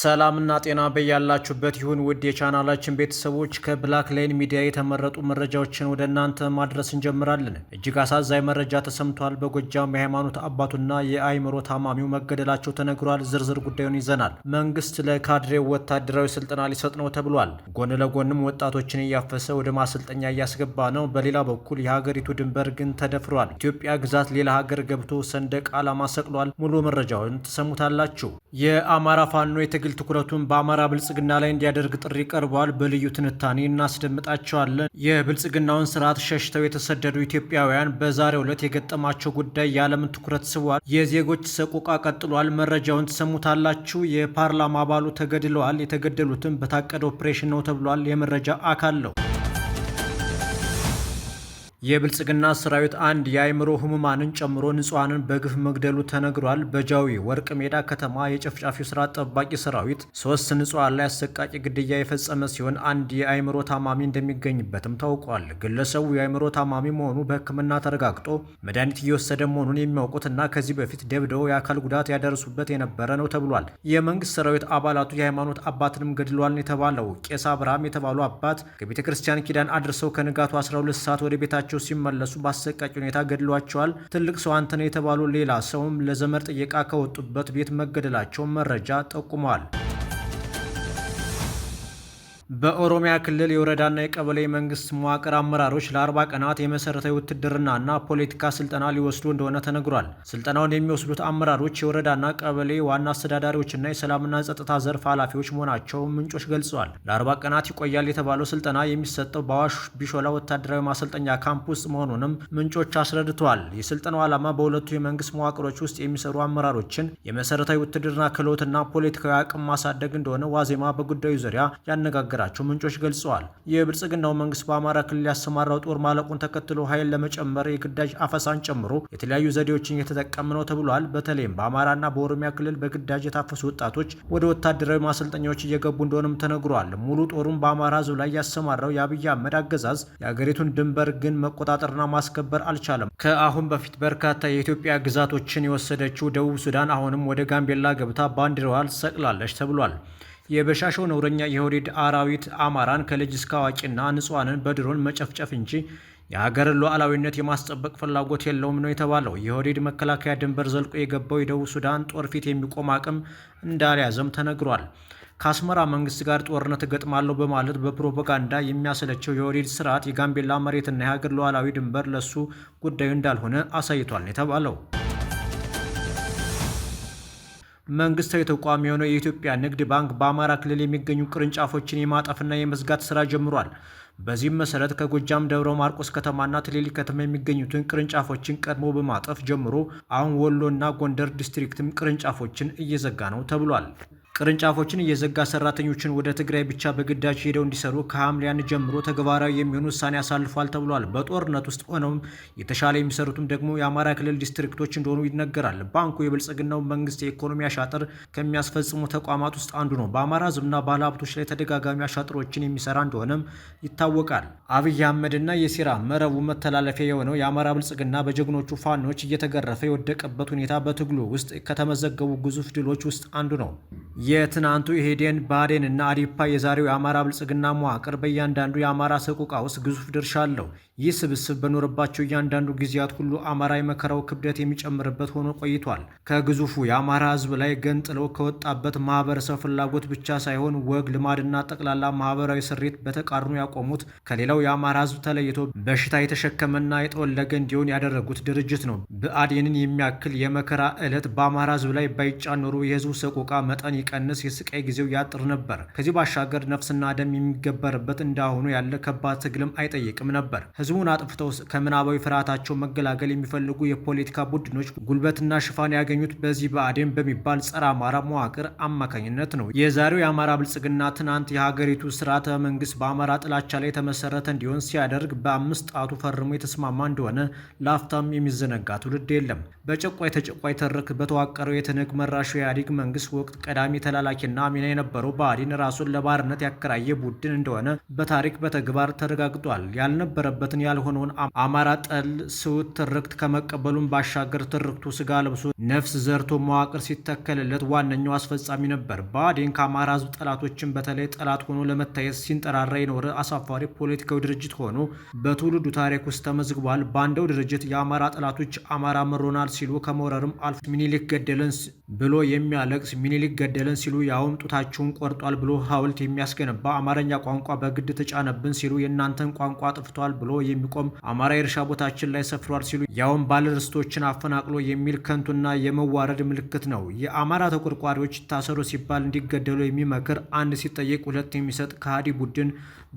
ሰላምና ጤና በያላችሁበት ይሁን ውድ የቻናላችን ቤተሰቦች፣ ከብላክ ላይን ሚዲያ የተመረጡ መረጃዎችን ወደ እናንተ ማድረስ እንጀምራለን። እጅግ አሳዛኝ መረጃ ተሰምቷል። በጎጃም የሃይማኖት አባቱና የአይምሮ ታማሚው መገደላቸው ተነግሯል። ዝርዝር ጉዳዩን ይዘናል። መንግስት ለካድሬው ወታደራዊ ስልጠና ሊሰጥ ነው ተብሏል። ጎን ለጎንም ወጣቶችን እያፈሰ ወደ ማሰልጠኛ እያስገባ ነው። በሌላ በኩል የሀገሪቱ ድንበር ግን ተደፍሯል። ኢትዮጵያ ግዛት ሌላ ሀገር ገብቶ ሰንደቅ ዓላማ ሰቅሏል። ሙሉ መረጃውን ትሰሙታላችሁ። የአማራ ፋኖ የትግል በትክክል ትኩረቱን በአማራ ብልጽግና ላይ እንዲያደርግ ጥሪ ቀርቧል። በልዩ ትንታኔ እናስደምጣቸዋለን። የብልጽግናውን ስርዓት ሸሽተው የተሰደዱ ኢትዮጵያውያን በዛሬው ዕለት የገጠማቸው ጉዳይ የዓለምን ትኩረት ስቧል። የዜጎች ሰቆቃ ቀጥሏል። መረጃውን ትሰሙታላችሁ። የፓርላማ አባሉ ተገድለዋል። የተገደሉትም በታቀደ ኦፕሬሽን ነው ተብሏል። የመረጃ አካል ነው። የብልጽግና ሰራዊት አንድ የአእምሮ ህሙማንን ጨምሮ ንጹሐንን በግፍ መግደሉ ተነግሯል። በጃዊ ወርቅ ሜዳ ከተማ የጨፍጫፊው ስራ ጠባቂ ሰራዊት ሶስት ንጹሐን ላይ አሰቃቂ ግድያ የፈጸመ ሲሆን አንድ የአእምሮ ታማሚ እንደሚገኝበትም ታውቋል። ግለሰቡ የአእምሮ ታማሚ መሆኑ በህክምና ተረጋግጦ መድኃኒት እየወሰደ መሆኑን የሚያውቁት እና ከዚህ በፊት ደብደው የአካል ጉዳት ያደርሱበት የነበረ ነው ተብሏል። የመንግስት ሰራዊት አባላቱ የሃይማኖት አባትንም ገድሏል የተባለው ቄስ አብርሃም የተባሉ አባት ከቤተ ክርስቲያን ኪዳን አድርሰው ከንጋቱ 12 ሰዓት ወደ ቤታቸው ቤታቸው ሲመለሱ በአሰቃቂ ሁኔታ ገድሏቸዋል። ትልቅ ሰው አንተነህ የተባሉ ሌላ ሰውም ለዘመድ ጥየቃ ከወጡበት ቤት መገደላቸውን መረጃ ጠቁመዋል። በኦሮሚያ ክልል የወረዳና የቀበሌ መንግስት መዋቅር አመራሮች ለአርባ ቀናት የመሰረታዊ ውትድርናና ፖለቲካ ስልጠና ሊወስዱ እንደሆነ ተነግሯል። ስልጠናውን የሚወስዱት አመራሮች የወረዳና ቀበሌ ዋና አስተዳዳሪዎችና የሰላምና ጸጥታ ዘርፍ ኃላፊዎች መሆናቸው ምንጮች ገልጸዋል። ለአርባ ቀናት ይቆያል የተባለው ስልጠና የሚሰጠው በአዋሽ ቢሾላ ወታደራዊ ማሰልጠኛ ካምፕ ውስጥ መሆኑንም ምንጮች አስረድተዋል። የስልጠናው ዓላማ በሁለቱ የመንግስት መዋቅሮች ውስጥ የሚሰሩ አመራሮችን የመሰረታዊ ውትድርና ክህሎትና ፖለቲካዊ አቅም ማሳደግ እንደሆነ ዋዜማ በጉዳዩ ዙሪያ ያነጋግራል የሀገራቸው ምንጮች ገልጸዋል። የብልጽግናው መንግስት በአማራ ክልል ያሰማራው ጦር ማለቁን ተከትሎ ኃይል ለመጨመር የግዳጅ አፈሳን ጨምሮ የተለያዩ ዘዴዎችን እየተጠቀመ ነው ተብሏል። በተለይም በአማራና በኦሮሚያ ክልል በግዳጅ የታፈሱ ወጣቶች ወደ ወታደራዊ ማሰልጠኛዎች እየገቡ እንደሆነም ተነግሯል። ሙሉ ጦሩን በአማራ ህዝብ ላይ ያሰማራው የአብይ አህመድ አገዛዝ የአገሪቱን ድንበር ግን መቆጣጠርና ማስከበር አልቻለም። ከአሁን በፊት በርካታ የኢትዮጵያ ግዛቶችን የወሰደችው ደቡብ ሱዳን አሁንም ወደ ጋምቤላ ገብታ ባንዲራዋን ሰቅላለች ተብሏል። የበሻሾ ነውረኛ የኦህዴድ አራዊት አማራን ከልጅ እስከ አዋቂና ንጹሐንን በድሮን መጨፍጨፍ እንጂ የሀገር ሉዓላዊነት የማስጠበቅ ፍላጎት የለውም ነው የተባለው። የኦህዴድ መከላከያ ድንበር ዘልቆ የገባው የደቡብ ሱዳን ጦር ፊት የሚቆም አቅም እንዳልያዘም ተነግሯል። ከአስመራ መንግስት ጋር ጦርነት እገጥማለሁ በማለት በፕሮፓጋንዳ የሚያሰለቸው የኦህዴድ ስርዓት የጋምቤላ መሬትና የሀገር ሉዓላዊ ድንበር ለሱ ጉዳዩ እንዳልሆነ አሳይቷል ነው የተባለው። መንግስታዊ ተቋም የሆነው የኢትዮጵያ ንግድ ባንክ በአማራ ክልል የሚገኙ ቅርንጫፎችን የማጠፍና የመዝጋት ስራ ጀምሯል። በዚህም መሰረት ከጎጃም ደብረ ማርቆስ ከተማና ትሌሊ ከተማ የሚገኙትን ቅርንጫፎችን ቀድሞ በማጠፍ ጀምሮ አሁን ወሎና ጎንደር ዲስትሪክትም ቅርንጫፎችን እየዘጋ ነው ተብሏል። ቅርንጫፎችን እየዘጋ ሰራተኞችን ወደ ትግራይ ብቻ በግዳጅ ሄደው እንዲሰሩ ከሐምሌ ጀምሮ ተግባራዊ የሚሆኑ ውሳኔ አሳልፏል ተብሏል። በጦርነት ውስጥ ሆነውም የተሻለ የሚሰሩትም ደግሞ የአማራ ክልል ዲስትሪክቶች እንደሆኑ ይነገራል። ባንኩ የብልጽግናው መንግስት የኢኮኖሚ አሻጥር ከሚያስፈጽሙ ተቋማት ውስጥ አንዱ ነው። በአማራ ሕዝብና ባለሀብቶች ላይ ተደጋጋሚ አሻጥሮችን የሚሰራ እንደሆነም ይታወቃል። አብይ አህመድና የሴራ መረቡ መተላለፊያ የሆነው የአማራ ብልጽግና በጀግኖቹ ፋኖች እየተገረፈ የወደቀበት ሁኔታ በትግሉ ውስጥ ከተመዘገቡ ግዙፍ ድሎች ውስጥ አንዱ ነው። የትናንቱ ኢህዴን ባዴን እና አዲፓ የዛሬው የአማራ ብልጽግና መዋቅር በእያንዳንዱ የአማራ ሰቆቃ ውስጥ ግዙፍ ድርሻ አለው። ይህ ስብስብ በኖረባቸው እያንዳንዱ ጊዜያት ሁሉ አማራ የመከራው ክብደት የሚጨምርበት ሆኖ ቆይቷል። ከግዙፉ የአማራ ሕዝብ ላይ ገንጥለው ከወጣበት ማህበረሰብ ፍላጎት ብቻ ሳይሆን ወግ ልማድና ጠቅላላ ማህበራዊ ስሪት በተቃርኖ ያቆሙት ከሌላው የአማራ ሕዝብ ተለይቶ በሽታ የተሸከመና የተወለገ እንዲሆን ያደረጉት ድርጅት ነው። ብአዴንን የሚያክል የመከራ ዕለት በአማራ ሕዝብ ላይ ባይጫኖሩ የህዝቡ ሰቆቃ መጠን እንዲቀንስ የስቃይ ጊዜው ያጥር ነበር። ከዚህ ባሻገር ነፍስና ደም የሚገበርበት እንዳሁኑ ያለ ከባድ ትግልም አይጠይቅም ነበር። ህዝቡን አጥፍተው ከምናባዊ ፍርሃታቸው መገላገል የሚፈልጉ የፖለቲካ ቡድኖች ጉልበትና ሽፋን ያገኙት በዚህ በአዴም በሚባል ጸረ አማራ መዋቅር አማካኝነት ነው። የዛሬው የአማራ ብልጽግና ትናንት የሀገሪቱ ስርዓተ መንግስት በአማራ ጥላቻ ላይ የተመሰረተ እንዲሆን ሲያደርግ በአምስት ጣቱ ፈርሞ የተስማማ እንደሆነ ላፍታም የሚዘነጋ ትውልድ የለም። በጨቋይ ተጨቋይ ትርክ በተዋቀረው የትንግ መራሹ የኢህአዴግ መንግስት ወቅት ቀዳሚ ተላላኪና ሚና የነበረው ብአዴን ራሱን ለባርነት ያከራየ ቡድን እንደሆነ በታሪክ በተግባር ተረጋግጧል። ያልነበረበትን ያልሆነውን አማራ ጠል ስውት ትርክት ከመቀበሉን ባሻገር ትርክቱ ስጋ ለብሶ ነፍስ ዘርቶ መዋቅር ሲተከልለት ዋነኛው አስፈጻሚ ነበር። ብአዴን ከአማራ ህዝብ ጠላቶችን በተለይ ጠላት ሆኖ ለመታየት ሲንጠራራ የኖረ አሳፋሪ ፖለቲካዊ ድርጅት ሆኖ በትውልዱ ታሪክ ውስጥ ተመዝግቧል። ባንደው ድርጅት የአማራ ጠላቶች አማራ መሮናል ሲሉ ከመውረርም አልፎ ሚኒሊክ ገደለን ብሎ የሚያለቅስ ሚኒሊክ ገደለን ሲሉ ያውም ጡታችሁን ቆርጧል ብሎ ሐውልት የሚያስገነባ አማርኛ ቋንቋ በግድ ተጫነብን ሲሉ የእናንተን ቋንቋ አጥፍቷል ብሎ የሚቆም አማራ የእርሻ ቦታችን ላይ ሰፍሯል ሲሉ ያውም ባለርስቶችን አፈናቅሎ የሚል ከንቱና የመዋረድ ምልክት ነው። የአማራ ተቆርቋሪዎች ታሰሩ ሲባል እንዲገደሉ የሚመክር አንድ ሲጠየቅ ሁለት የሚሰጥ ከሃዲ ቡድን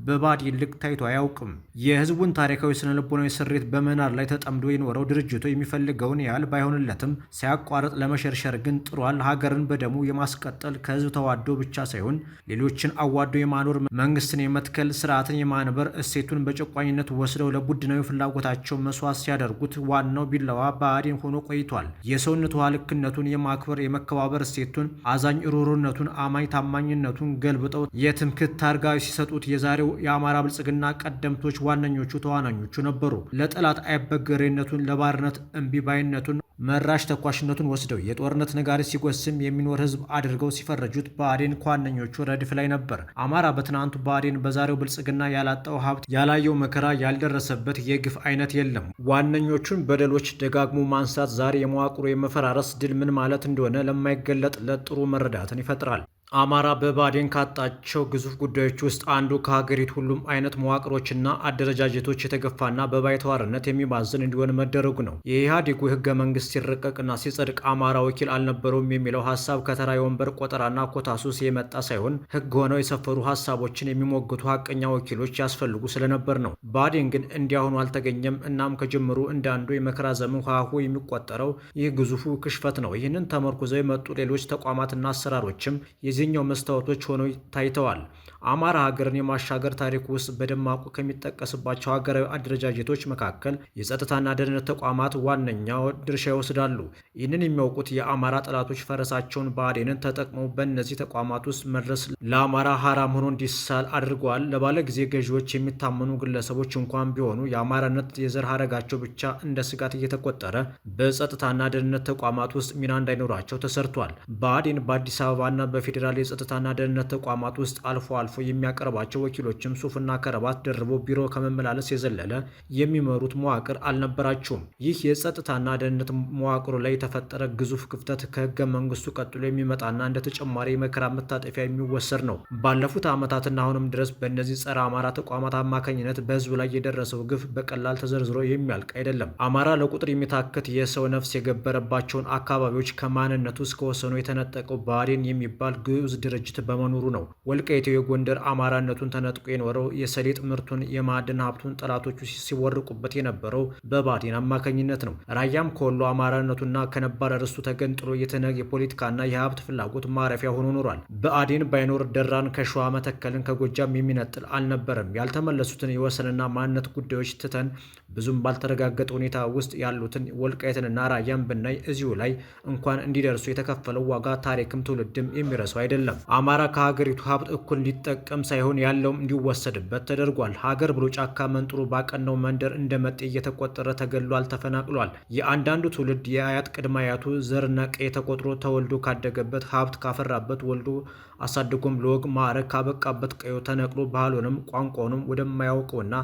በባድ ይልቅ ታይቶ አያውቅም። የህዝቡን ታሪካዊ ስነልቦናዊ ስሬት በመናር ላይ ተጠምዶ የኖረው ድርጅቱ የሚፈልገውን ያህል ባይሆንለትም ሳያቋርጥ ለመሸርሸር ግን ጥሯል። ሀገርን በደሙ የማስቀጠል ከህዝብ ተዋዶ ብቻ ሳይሆን ሌሎችን አዋዶ የማኖር መንግስትን የመትከል ስርዓትን የማንበር እሴቱን በጨቋኝነት ወስደው ለቡድናዊ ፍላጎታቸው መስዋዕት ሲያደርጉት ዋናው ቢላዋ ብአዴን ሆኖ ቆይቷል። የሰውነቱ ልክነቱን የማክበር የመከባበር እሴቱን አዛኝ ሩሩነቱን አማኝ ታማኝነቱን ገልብጠው የትምክህት ታርጋ ሲሰጡት የዛሬ ዛሬው የአማራ ብልጽግና ቀደምቶች ዋነኞቹ ተዋናኞቹ ነበሩ። ለጠላት አይበገሬነቱን፣ ለባርነት እምቢባይነቱን፣ መራሽ ተኳሽነቱን ወስደው የጦርነት ነጋሪት ሲጎስም የሚኖር ህዝብ አድርገው ሲፈረጁት ብአዴን ከዋነኞቹ ረድፍ ላይ ነበር። አማራ በትናንቱ ብአዴን፣ በዛሬው ብልጽግና ያላጣው ሀብት፣ ያላየው መከራ፣ ያልደረሰበት የግፍ አይነት የለም። ዋነኞቹን በደሎች ደጋግሞ ማንሳት ዛሬ የመዋቅሩ የመፈራረስ ድል ምን ማለት እንደሆነ ለማይገለጥ ለጥሩ መረዳትን ይፈጥራል። አማራ በባዴን ካጣቸው ግዙፍ ጉዳዮች ውስጥ አንዱ ከሀገሪቱ ሁሉም አይነት መዋቅሮችና አደረጃጀቶች የተገፋና በባይተዋርነት የሚማዝን እንዲሆን መደረጉ ነው። የኢህአዴጉ ህገ መንግስት ሲረቀቅና ሲጸድቅ አማራ ወኪል አልነበረውም የሚለው ሀሳብ ከተራ የወንበር ቆጠራና ኮታሱስ የመጣ ሳይሆን ህግ ሆነው የሰፈሩ ሀሳቦችን የሚሞግቱ ሀቀኛ ወኪሎች ያስፈልጉ ስለነበር ነው። ባዴን ግን እንዲያሁኑ አልተገኘም። እናም ከጀምሩ እንደ አንዱ የመከራ ዘመን ሀሁ የሚቆጠረው ይህ ግዙፉ ክሽፈት ነው። ይህንን ተመርኩዘው የመጡ ሌሎች ተቋማትና አሰራሮችም የዚህ የጊዜኛው መስታወቶች ሆነው ታይተዋል። አማራ ሀገርን የማሻገር ታሪክ ውስጥ በደማቁ ከሚጠቀስባቸው ሀገራዊ አደረጃጀቶች መካከል የጸጥታና ደህንነት ተቋማት ዋነኛው ድርሻ ይወስዳሉ። ይህንን የሚያውቁት የአማራ ጠላቶች ፈረሳቸውን ብአዴንን ተጠቅመው በእነዚህ ተቋማት ውስጥ መድረስ ለአማራ ሀራም ሆኖ እንዲሳል አድርገዋል። ለባለ ጊዜ ገዢዎች የሚታመኑ ግለሰቦች እንኳን ቢሆኑ የአማራነት የዘር ሀረጋቸው ብቻ እንደ ስጋት እየተቆጠረ በጸጥታና ደህንነት ተቋማት ውስጥ ሚና እንዳይኖራቸው ተሰርቷል። ብአዴን በአዲስ አበባና በፌዴራል የፌዴራል የጸጥታና ደህንነት ተቋማት ውስጥ አልፎ አልፎ የሚያቀርባቸው ወኪሎችም ሱፍና ከረባት ደርቦ ቢሮ ከመመላለስ የዘለለ የሚመሩት መዋቅር አልነበራቸውም። ይህ የጸጥታና ደህንነት መዋቅሩ ላይ የተፈጠረ ግዙፍ ክፍተት ከህገ መንግስቱ ቀጥሎ የሚመጣና እንደ ተጨማሪ የመከራ መታጠፊያ የሚወሰድ ነው። ባለፉት ዓመታትና አሁንም ድረስ በእነዚህ ጸረ አማራ ተቋማት አማካኝነት በህዝቡ ላይ የደረሰው ግፍ በቀላል ተዘርዝሮ የሚያልቅ አይደለም። አማራ ለቁጥር የሚታክት የሰው ነፍስ የገበረባቸውን አካባቢዎች ከማንነቱ እስከ ወሰኑ የተነጠቀው ባሪን የሚባል ግዑዝ ድርጅት በመኖሩ ነው። ወልቃይት የጎንደር አማራነቱን ተነጥቆ የኖረው የሰሊጥ ምርቱን የማዕድን ሀብቱን ጠላቶቹ ሲወርቁበት የነበረው በባዴን አማካኝነት ነው። ራያም ከወሎ አማራነቱና ከነባር ርስቱ ተገንጥሎ የተነግ የፖለቲካና የሀብት ፍላጎት ማረፊያ ሆኖ ኖሯል። በአዴን ባይኖር ደራን ከሸዋ መተከልን ከጎጃም የሚነጥል አልነበረም። ያልተመለሱትን የወሰንና ማንነት ጉዳዮች ትተን ብዙም ባልተረጋገጠ ሁኔታ ውስጥ ያሉትን ወልቃይትንና ራያን ብናይ እዚሁ ላይ እንኳን እንዲደርሱ የተከፈለው ዋጋ ታሪክም ትውልድም የሚረሳው አይደለም። አማራ ከሀገሪቱ ሀብት እኩል እንዲጠቀም ሳይሆን ያለውም እንዲወሰድበት ተደርጓል። ሀገር ብሎ ጫካ መንጥሮ ባቀናው መንደር እንደ መጤ እየተቆጠረ ተገሏል፣ ተፈናቅሏል። የአንዳንዱ ትውልድ የአያት ቅድመ አያቱ ዘርና ቀይ ተቆጥሮ ተወልዶ ካደገበት ሀብት ካፈራበት ወልዶ አሳድጎም ለወግ ማዕረግ ካበቃበት ቀዮ ተነቅሎ ባህሉንም ቋንቋውንም ወደማያውቀውና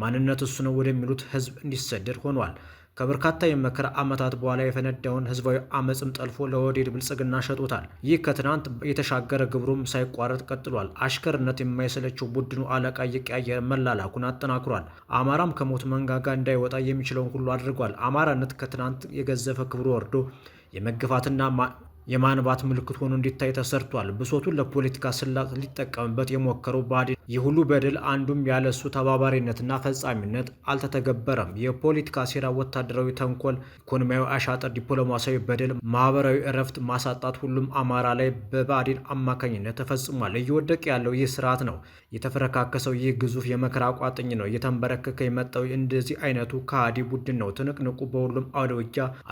ማንነት እሱ ነው ወደሚሉት ህዝብ እንዲሰደድ ሆኗል። ከበርካታ የመከራ ዓመታት በኋላ የፈነዳውን ህዝባዊ አመፅም ጠልፎ ለወዴድ ብልጽግና ሸጦታል። ይህ ከትናንት የተሻገረ ግብሩም ሳይቋረጥ ቀጥሏል። አሽከርነት የማይሰለቸው ቡድኑ አለቃ እየቀያየረ መላላኩን አጠናክሯል። አማራም ከሞት መንጋጋ እንዳይወጣ የሚችለውን ሁሉ አድርጓል። አማራነት ከትናንት የገዘፈ ክብሩ ወርዶ የመገፋትና የማንባት ምልክት ሆኖ እንዲታይ ተሰርቷል። ብሶቱን ለፖለቲካ ስላት ሊጠቀምበት የሞከረው ብአዴን ይህ ሁሉ በደል አንዱም ያለሱ ተባባሪነትና ፈጻሚነት አልተተገበረም። የፖለቲካ ሴራ፣ ወታደራዊ ተንኮል፣ ኢኮኖሚያዊ አሻጥር፣ ዲፕሎማሲያዊ በደል፣ ማህበራዊ እረፍት ማሳጣት ሁሉም አማራ ላይ በብአዴን አማካኝነት ተፈጽሟል። እየወደቀ ያለው ይህ ስርዓት ነው። የተፈረካከሰው ይህ ግዙፍ የመከራ ቋጥኝ ነው። እየተንበረከከ የመጣው እንደዚህ አይነቱ ከሃዲ ቡድን ነው። ትንቅንቁ በሁሉም አውደ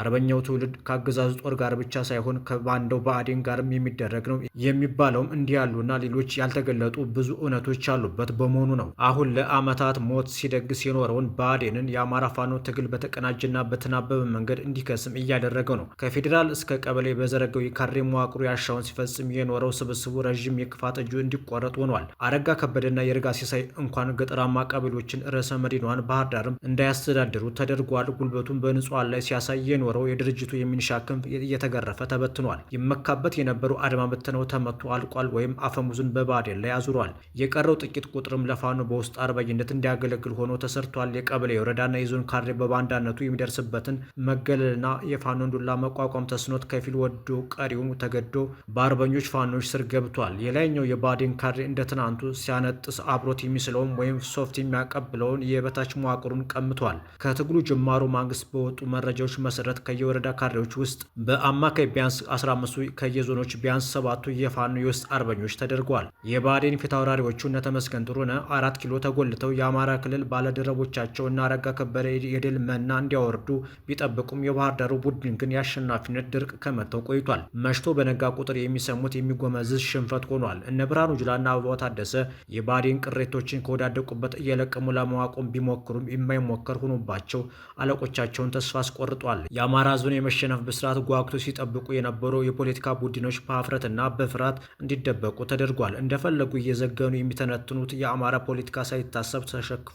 አርበኛው ትውልድ ከአገዛዙ ጦር ጋር ብቻ ሳይሆን ባንዳው ብአዴን ጋርም የሚደረግ ነው የሚባለውም እንዲህ ያሉና ሌሎች ያልተገለጡ ብዙ እውነቶች ያሉበት በመሆኑ ነው። አሁን ለአመታት ሞት ሲደግስ የኖረውን ብአዴንን የአማራ ፋኖ ትግል በተቀናጀና በተናበበ መንገድ እንዲከስም እያደረገ ነው። ከፌዴራል እስከ ቀበሌ በዘረገው የካድሬ መዋቅሩ ያሻውን ሲፈጽም የኖረው ስብስቡ ረዥም የክፋት እጁ እንዲቆረጥ ሆኗል። አረጋ ከበደና የርጋ ሲሳይ እንኳን ገጠራማ ቀበሌዎችን ርዕሰ መዲናዋን ባህር ዳርም እንዳያስተዳድሩ ተደርጓል። ጉልበቱን በንጹሐን ላይ ሲያሳይ የኖረው የድርጅቱ የሚንሻ ክንፍ እየተገረፈ ተበትኗል። ተናግረዋል። ይመካበት የነበሩ አድማ በተነው ተመቶ አልቋል ወይም አፈሙዝን በባዴን ላይ አዙሯል። የቀረው ጥቂት ቁጥርም ለፋኖ በውስጥ አርበኝነት እንዲያገለግል ሆኖ ተሰርቷል። የቀበሌ የወረዳና የዞን ካድሬ በባንዳነቱ የሚደርስበትን መገለልና የፋኖን ዱላ መቋቋም ተስኖት ከፊል ወዶ ቀሪውም ተገዶ በአርበኞች ፋኖች ስር ገብቷል። የላይኛው የባዴን ካድሬ እንደ ትናንቱ ሲያነጥስ አብሮት የሚስለውም ወይም ሶፍት የሚያቀብለውን የበታች መዋቅሩን ቀምቷል። ከትግሉ ጅማሩ ማንግስት በወጡ መረጃዎች መሰረት ከየወረዳ ካድሬዎች ውስጥ በአማካይ ቢያንስ 15ቱ ከየዞኖች ቢያንስ ሰባቱ የፋኖ የውስጥ አርበኞች ተደርጓል። የባዴን አውራሪዎቹ እነ ተመስገን ጥሩነህ አራት ኪሎ ተጎልተው የአማራ ክልል ባለደረቦቻቸው እና አረጋ ከበደ የድል መና እንዲያወርዱ ቢጠብቁም የባህር ዳሩ ቡድን ግን የአሸናፊነት ድርቅ ከመተው ቆይቷል። መሽቶ በነጋ ቁጥር የሚሰሙት የሚጎመዝዝ ሽንፈት ሆኗል። እነ ብርሃኑ ጁላና አበባው ታደሰ የባዴን ቅሬቶችን ከወዳደቁበት እየለቀሙ ለማዋቆም ቢሞክሩም የማይሞከር ሆኖባቸው አለቆቻቸውን ተስፋ አስቆርጧል። የአማራ ዞን የመሸነፍ ብስራት ጓግቶ ሲጠብቁ የነበሩ የነበሩ የፖለቲካ ቡድኖች በሀፍረትና በፍርሃት እንዲደበቁ ተደርጓል። እንደፈለጉ እየዘገኑ የሚተነትኑት የአማራ ፖለቲካ ሳይታሰብ ተሸክፎ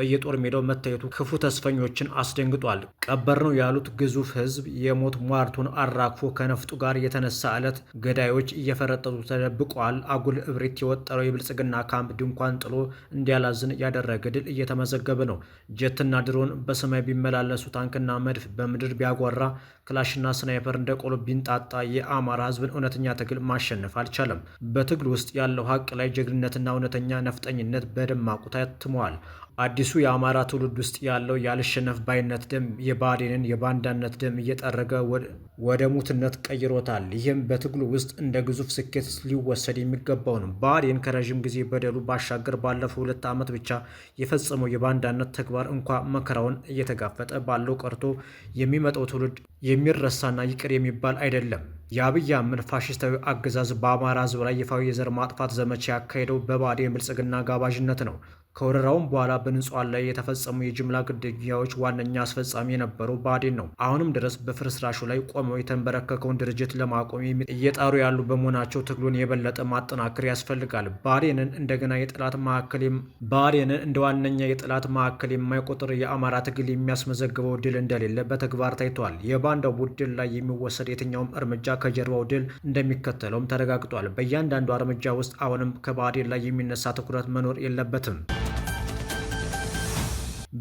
በየጦር ሜዳው መታየቱ ክፉ ተስፈኞችን አስደንግጧል። ቀበር ነው ያሉት ግዙፍ ህዝብ የሞት ሟርቱን አራግፎ ከነፍጡ ጋር የተነሳ ዕለት ገዳዮች እየፈረጠጡ ተደብቋል። አጉል እብሪት የወጠረው የብልጽግና ካምፕ ድንኳን ጥሎ እንዲያላዝን ያደረገ ድል እየተመዘገበ ነው። ጀትና ድሮን በሰማይ ቢመላለሱ፣ ታንክና መድፍ በምድር ቢያጓራ፣ ክላሽና ስናይፐር እንደ ቆሎ ቢንጣጣ የአማራ ህዝብን እውነተኛ ትግል ማሸነፍ አልቻለም። በትግል ውስጥ ያለው ሀቅ ላይ ጀግንነትና እውነተኛ ነፍጠኝነት በደማቁ ታትመዋል። አዲሱ የአማራ ትውልድ ውስጥ ያለው ያልሸነፍ ባይነት ደም የባዴንን የባንዳነት ደም እየጠረገ ወደ ሙትነት ቀይሮታል። ይህም በትግሉ ውስጥ እንደ ግዙፍ ስኬት ሊወሰድ የሚገባው ነው። ባዴን ከረዥም ጊዜ በደሉ ባሻገር ባለፈው ሁለት ዓመት ብቻ የፈጸመው የባንዳነት ተግባር እንኳ መከራውን እየተጋፈጠ ባለው ቀርቶ የሚመጣው ትውልድ የሚረሳና ይቅር የሚባል አይደለም። የአብይ አህመድ ፋሽስታዊ አገዛዝ በአማራ ሕዝብ ላይ ይፋዊ የዘር ማጥፋት ዘመቻ ያካሄደው በባዴን ብልጽግና ጋባዥነት ነው። ከወረራውም በኋላ በንጹሐን ላይ የተፈጸሙ የጅምላ ግድያዎች ዋነኛ አስፈጻሚ የነበረው ብአዴን ነው። አሁንም ድረስ በፍርስራሹ ላይ ቆመው የተንበረከከውን ድርጅት ለማቆም እየጣሩ ያሉ በመሆናቸው ትግሉን የበለጠ ማጠናከር ያስፈልጋል። ብአዴንን እንደገና የጠላት ማዕከል ብአዴንን እንደ ዋነኛ የጠላት ማዕከል የማይቆጥር የአማራ ትግል የሚያስመዘግበው ድል እንደሌለ በተግባር ታይቷል። የባንዳው ቡድን ላይ የሚወሰድ የትኛውም እርምጃ ከጀርባው ድል እንደሚከተለውም ተረጋግጧል። በእያንዳንዱ እርምጃ ውስጥ አሁንም ከባዴን ላይ የሚነሳ ትኩረት መኖር የለበትም።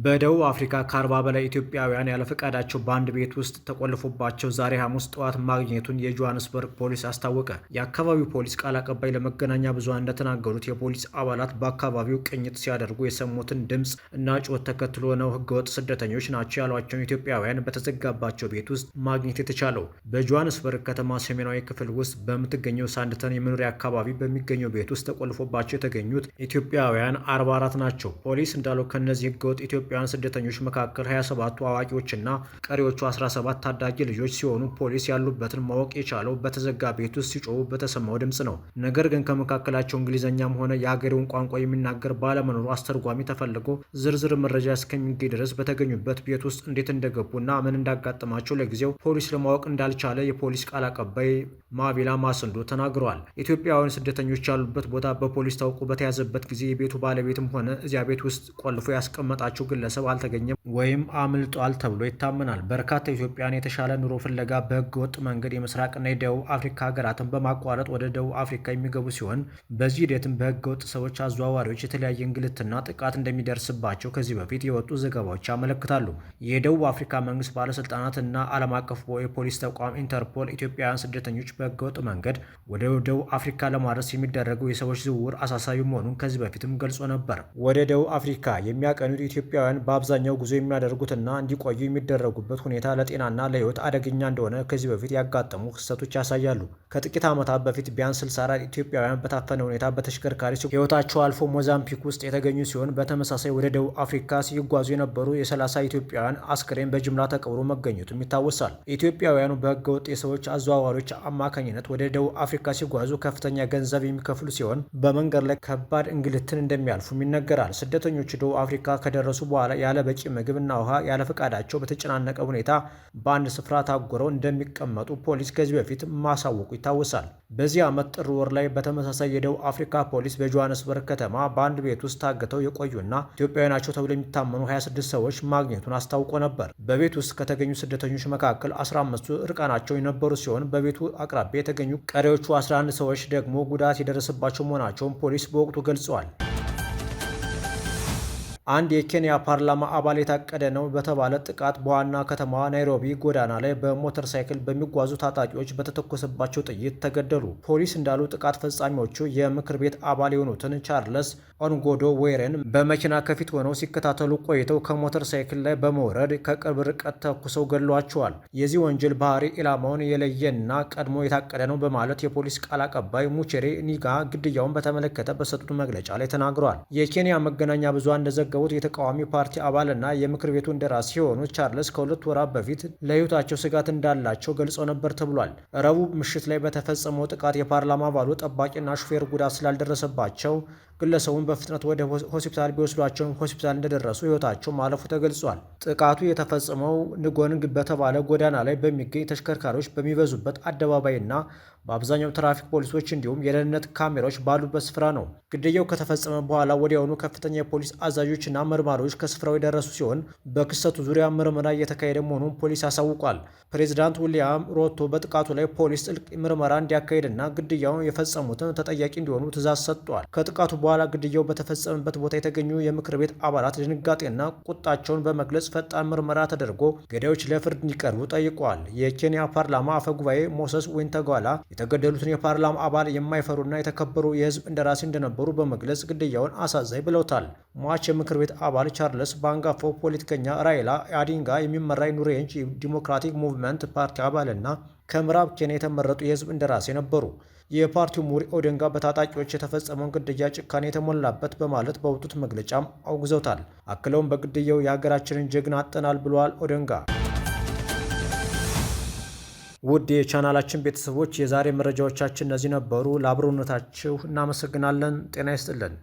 በደቡብ አፍሪካ ከአርባ በላይ ኢትዮጵያውያን ያለፈቃዳቸው በአንድ ቤት ውስጥ ተቆልፎባቸው ዛሬ ሐሙስ ጠዋት ማግኘቱን የጆሃንስበርግ ፖሊስ አስታወቀ። የአካባቢው ፖሊስ ቃል አቀባይ ለመገናኛ ብዙሃን እንደተናገሩት የፖሊስ አባላት በአካባቢው ቅኝት ሲያደርጉ የሰሙትን ድምፅ እና ጩኸት ተከትሎ ነው ህገወጥ ስደተኞች ናቸው ያሏቸውን ኢትዮጵያውያን በተዘጋባቸው ቤት ውስጥ ማግኘት የተቻለው። በጆሃንስበርግ ከተማ ሰሜናዊ ክፍል ውስጥ በምትገኘው ሳንድተን የመኖሪያ አካባቢ በሚገኘው ቤት ውስጥ ተቆልፎባቸው የተገኙት ኢትዮጵያውያን አርባ አራት ናቸው። ፖሊስ እንዳለው ከእነዚህ ህገወጥ ኢትዮጵያውያን ስደተኞች መካከል 27ቱ አዋቂዎችና ቀሪዎቹ 17 ታዳጊ ልጆች ሲሆኑ ፖሊስ ያሉበትን ማወቅ የቻለው በተዘጋ ቤት ውስጥ ሲጮሁ በተሰማው ድምፅ ነው። ነገር ግን ከመካከላቸው እንግሊዝኛም ሆነ የሀገሬውን ቋንቋ የሚናገር ባለመኖሩ አስተርጓሚ ተፈልጎ ዝርዝር መረጃ እስከሚገኝ ድረስ በተገኙበት ቤት ውስጥ እንዴት እንደገቡና ምን እንዳጋጠማቸው ለጊዜው ፖሊስ ለማወቅ እንዳልቻለ የፖሊስ ቃል አቀባይ ማቢላ ማስንዶ ተናግረዋል። ኢትዮጵያውያን ስደተኞች ያሉበት ቦታ በፖሊስ ታውቆ በተያዘበት ጊዜ የቤቱ ባለቤትም ሆነ እዚያ ቤት ውስጥ ቆልፎ ያስቀመጣቸው ግለሰብ አልተገኘም ወይም አምልጧል ተብሎ ይታመናል። በርካታ ኢትዮጵያን የተሻለ ኑሮ ፍለጋ በህገ ወጥ መንገድ የምስራቅና የደቡብ አፍሪካ ሀገራትን በማቋረጥ ወደ ደቡብ አፍሪካ የሚገቡ ሲሆን በዚህ ሂደትም በህገ ወጥ ሰዎች አዘዋዋሪዎች የተለያየ እንግልትና ጥቃት እንደሚደርስባቸው ከዚህ በፊት የወጡ ዘገባዎች ያመለክታሉ። የደቡብ አፍሪካ መንግስት ባለስልጣናት እና ዓለም አቀፍ የፖሊስ ተቋም ኢንተርፖል ኢትዮጵያውያን ስደተኞች በህገወጥ መንገድ ወደ ደቡብ አፍሪካ ለማድረስ የሚደረገው የሰዎች ዝውውር አሳሳቢ መሆኑን ከዚህ በፊትም ገልጾ ነበር። ወደ ደቡብ አፍሪካ የሚያቀኑት ኢትዮጵያ ኢትዮጵያውያን በአብዛኛው ጉዞ የሚያደርጉትና እንዲቆዩ የሚደረጉበት ሁኔታ ለጤናና ለሕይወት አደገኛ እንደሆነ ከዚህ በፊት ያጋጠሙ ክስተቶች ያሳያሉ። ከጥቂት ዓመታት በፊት ቢያንስ 64 ኢትዮጵያውያን በታፈነ ሁኔታ በተሽከርካሪ ሕይወታቸው አልፎ ሞዛምፒክ ውስጥ የተገኙ ሲሆን በተመሳሳይ ወደ ደቡብ አፍሪካ ሲጓዙ የነበሩ የ30 ኢትዮጵያውያን አስክሬን በጅምላ ተቀብሮ መገኘቱም ይታወሳል። ኢትዮጵያውያኑ በህገ ወጥ የሰዎች አዘዋዋሪዎች አማካኝነት ወደ ደቡብ አፍሪካ ሲጓዙ ከፍተኛ ገንዘብ የሚከፍሉ ሲሆን በመንገድ ላይ ከባድ እንግልትን እንደሚያልፉም ይነገራል። ስደተኞቹ ደቡብ አፍሪካ ከደረሱ በኋላ ያለ በቂ ምግብና ውሃ ያለ ፈቃዳቸው በተጨናነቀ ሁኔታ በአንድ ስፍራ ታጉረው እንደሚቀመጡ ፖሊስ ከዚህ በፊት ማሳወቁ ይታወሳል። በዚህ ዓመት ጥር ወር ላይ በተመሳሳይ የደቡብ አፍሪካ ፖሊስ በጆሃንስበርግ ከተማ በአንድ ቤት ውስጥ ታግተው የቆዩና ኢትዮጵያዊ ናቸው ተብሎ የሚታመኑ 26 ሰዎች ማግኘቱን አስታውቆ ነበር። በቤት ውስጥ ከተገኙ ስደተኞች መካከል 15ቱ እርቃናቸው የነበሩ ሲሆን በቤቱ አቅራቢያ የተገኙ ቀሪዎቹ 11 ሰዎች ደግሞ ጉዳት የደረሰባቸው መሆናቸውን ፖሊስ በወቅቱ ገልጸዋል። አንድ የኬንያ ፓርላማ አባል የታቀደ ነው በተባለ ጥቃት በዋና ከተማዋ ናይሮቢ ጎዳና ላይ በሞተር ሳይክል በሚጓዙ ታጣቂዎች በተተኮሰባቸው ጥይት ተገደሉ። ፖሊስ እንዳሉ ጥቃት ፈጻሚዎቹ የምክር ቤት አባል የሆኑትን ቻርለስ ኦንጎዶ ወይረን በመኪና ከፊት ሆነው ሲከታተሉ ቆይተው ከሞተር ሳይክል ላይ በመውረድ ከቅርብ ርቀት ተኩሰው ገድለዋቸዋል። የዚህ ወንጀል ባህሪ ኢላማውን የለየና ቀድሞ የታቀደ ነው በማለት የፖሊስ ቃል አቀባይ ሙቼሬ ኒጋ ግድያውን በተመለከተ በሰጡት መግለጫ ላይ ተናግረዋል። የኬንያ መገናኛ ብዙሃን እንደዘገ ያስመዘገቡት የተቃዋሚ ፓርቲ አባልና የምክር ቤቱ እንደራሴ ሲሆኑ ቻርልስ ከሁለት ወራት በፊት ለሕይወታቸው ስጋት እንዳላቸው ገልጸው ነበር ተብሏል። ረቡዕ ምሽት ላይ በተፈጸመው ጥቃት የፓርላማ አባሉ ጠባቂና ሹፌር ጉዳት ስላልደረሰባቸው ግለሰቡን በፍጥነት ወደ ሆስፒታል ቢወስዷቸውም ሆስፒታል እንደደረሱ ሕይወታቸው ማለፉ ተገልጿል። ጥቃቱ የተፈጸመው ንጎንግ በተባለ ጎዳና ላይ በሚገኝ ተሽከርካሪዎች በሚበዙበት አደባባይና በአብዛኛው ትራፊክ ፖሊሶች እንዲሁም የደህንነት ካሜራዎች ባሉበት ስፍራ ነው። ግድያው ከተፈጸመ በኋላ ወዲያውኑ ከፍተኛ የፖሊስ አዛዦች ፖሊሶችና መርማሪዎች ከስፍራው የደረሱ ሲሆን በክስተቱ ዙሪያ ምርመራ እየተካሄደ መሆኑን ፖሊስ አሳውቋል። ፕሬዚዳንት ዊልያም ሮቶ በጥቃቱ ላይ ፖሊስ ጥልቅ ምርመራ እንዲያካሄድና ግድያውን የፈጸሙትን ተጠያቂ እንዲሆኑ ትእዛዝ ሰጥቷል። ከጥቃቱ በኋላ ግድያው በተፈጸመበት ቦታ የተገኙ የምክር ቤት አባላት ድንጋጤና ቁጣቸውን በመግለጽ ፈጣን ምርመራ ተደርጎ ገዳዮች ለፍርድ እንዲቀርቡ ጠይቋል። የኬንያ ፓርላማ አፈ ጉባኤ ሞሰስ ዊንተጓላ የተገደሉትን የፓርላማ አባል የማይፈሩና የተከበሩ የህዝብ እንደራሴ እንደነበሩ በመግለጽ ግድያውን አሳዛኝ ብለውታል። ሟች የምክር ቤት አባል ቻርልስ በአንጋፋው ፖለቲከኛ ራይላ አዲንጋ የሚመራ የኑሬንጅ ዲሞክራቲክ ሙቭመንት ፓርቲ አባልና ከምዕራብ ኬንያ የተመረጡ የህዝብ እንደራሴ ነበሩ። የፓርቲው ሙሪ ኦደንጋ በታጣቂዎች የተፈጸመውን ግድያ ጭካኔ የተሞላበት በማለት በወጡት መግለጫም አውግዘውታል። አክለውም በግድያው የሀገራችንን ጀግና አጠናል ብለዋል ኦደንጋ። ውድ የቻናላችን ቤተሰቦች የዛሬ መረጃዎቻችን እነዚህ ነበሩ። ለአብሮነታችሁ እናመሰግናለን። ጤና ይስጥልን።